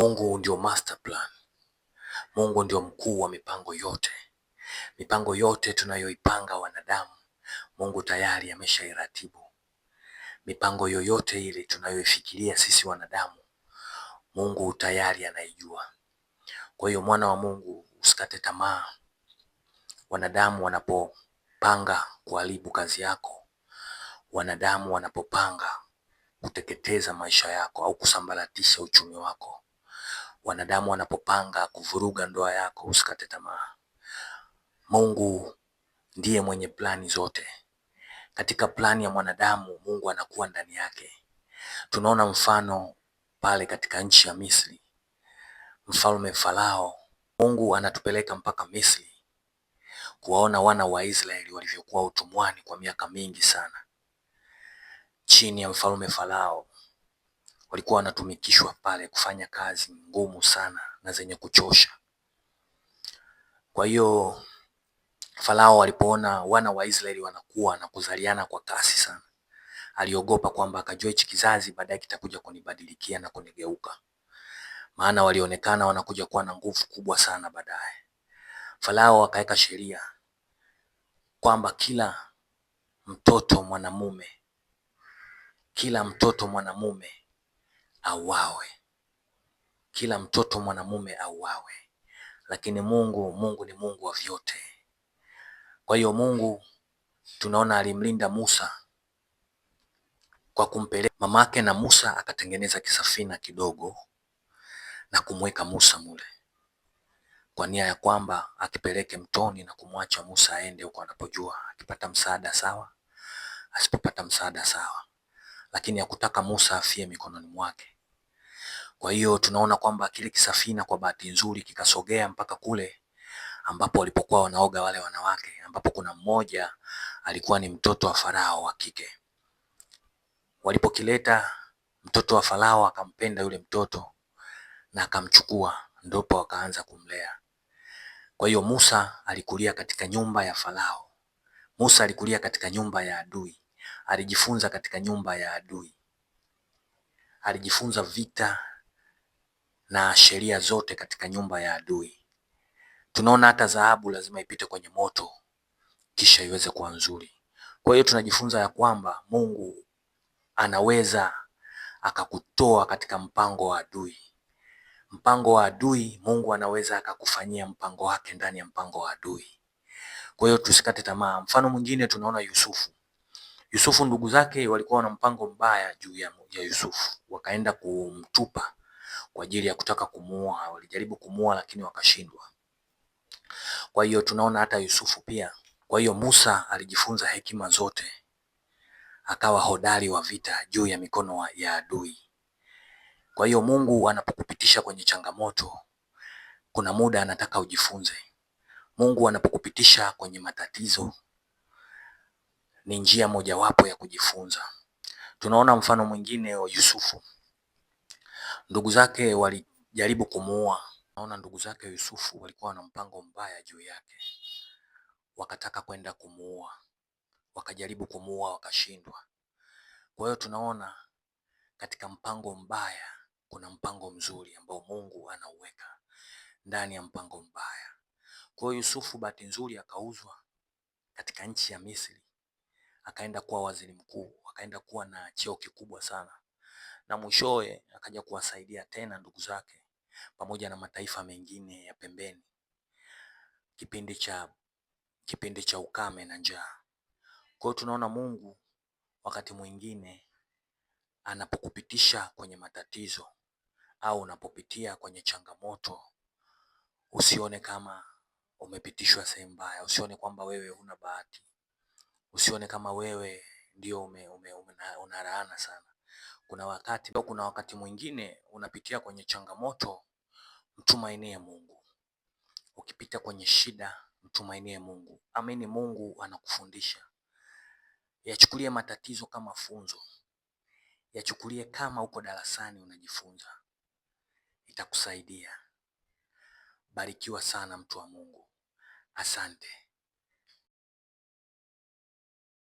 Mungu ndio master plan. Mungu ndio mkuu wa mipango yote. Mipango yote tunayoipanga wanadamu, Mungu tayari ameshairatibu. Mipango yoyote ile tunayoifikiria sisi wanadamu, Mungu tayari anaijua. Kwa hiyo mwana wa Mungu, usikate tamaa. Wanadamu wanapopanga kuharibu kazi yako, wanadamu wanapopanga kuteketeza maisha yako au kusambaratisha uchumi wako, wanadamu wanapopanga kuvuruga ndoa yako usikate tamaa. Mungu ndiye mwenye plani zote. Katika plani ya mwanadamu Mungu anakuwa ndani yake. Tunaona mfano pale katika nchi ya Misri, mfalme Farao. Mungu anatupeleka mpaka Misri kuwaona wana wa Israeli walivyokuwa utumwani kwa miaka mingi sana chini ya mfalme Farao walikuwa wanatumikishwa pale kufanya kazi ngumu sana na zenye kuchosha. Kwa hiyo Farao alipoona wana wa Israeli wanakuwa na kuzaliana kwa kasi sana, aliogopa kwamba akajua hichi kizazi baadaye kitakuja kunibadilikia na kunigeuka, maana walionekana wanakuja kuwa na nguvu kubwa sana baadaye. Farao akaweka sheria kwamba kila mtoto mwanamume, kila mtoto mwanamume auawe, kila mtoto mwanamume auawe, lakini Mungu, Mungu ni Mungu wa vyote. Kwa hiyo Mungu tunaona alimlinda Musa kwa kumpeleka mamake, na Musa akatengeneza kisafina kidogo na kumweka Musa mule kwa nia ya kwamba akipeleke mtoni na kumwacha Musa aende huko anapojua. Akipata msaada sawa, asipopata msaada sawa lakini hakutaka Musa afie mikononi mwake. Kwa hiyo tunaona kwamba kile kisafina kwa bahati nzuri kikasogea mpaka kule ambapo walipokuwa wanaoga wale wanawake, ambapo kuna mmoja alikuwa ni mtoto wa Farao wa kike. Walipokileta mtoto wa Farao akampenda yule mtoto na akamchukua, ndipo wakaanza kumlea. Kwa hiyo Musa alikulia katika nyumba ya Farao. Musa alikulia katika nyumba ya adui alijifunza katika nyumba ya adui, alijifunza vita na sheria zote katika nyumba ya adui. Tunaona hata dhahabu lazima ipite kwenye moto kisha iweze kuwa nzuri. Kwa hiyo tunajifunza ya kwamba Mungu anaweza akakutoa katika mpango wa adui, mpango wa adui. Mungu anaweza akakufanyia mpango wake ndani ya mpango wa adui. Kwa hiyo tusikate tamaa. Mfano mwingine tunaona Yusufu Yusufu ndugu zake walikuwa na mpango mbaya juu ya Yusufu, wakaenda kumtupa kwa ajili ya kutaka kumuua. Walijaribu kumuua lakini wakashindwa. Kwa hiyo tunaona hata Yusufu pia. Kwa hiyo Musa alijifunza hekima zote, akawa hodari wa vita juu ya mikono ya adui. Kwa hiyo Mungu anapokupitisha kwenye changamoto, kuna muda anataka ujifunze. Mungu anapokupitisha kwenye matatizo, ni njia mojawapo ya kujifunza. Tunaona mfano mwingine wa Yusufu. Ndugu zake walijaribu kumuua. Naona ndugu zake Yusufu walikuwa na mpango mbaya juu yake, wakataka kwenda kumuua, wakajaribu kumuua wakashindwa. Kwa hiyo tunaona katika mpango mbaya kuna mpango mzuri ambao Mungu anauweka ndani ya mpango mbaya. Kwa hiyo Yusufu bahati nzuri akauzwa katika nchi ya Misri akaenda kuwa waziri mkuu, akaenda kuwa na cheo kikubwa sana, na mwishowe akaja kuwasaidia tena ndugu zake pamoja na mataifa mengine ya pembeni kipindi cha kipindi cha ukame na njaa. Kwa hiyo tunaona Mungu wakati mwingine anapokupitisha kwenye matatizo au unapopitia kwenye changamoto, usione kama umepitishwa sehemu mbaya, usione kwamba wewe huna bahati. Usione kama wewe ndio ume, ume, ume, laana sana. Kuna wakati au kuna wakati mwingine unapitia kwenye changamoto, mtumainie Mungu. Ukipita kwenye shida, mtumainie Mungu. Amini Mungu anakufundisha. Yachukulie matatizo kama funzo, yachukulie kama uko darasani unajifunza, itakusaidia. Barikiwa sana mtu wa Mungu, asante.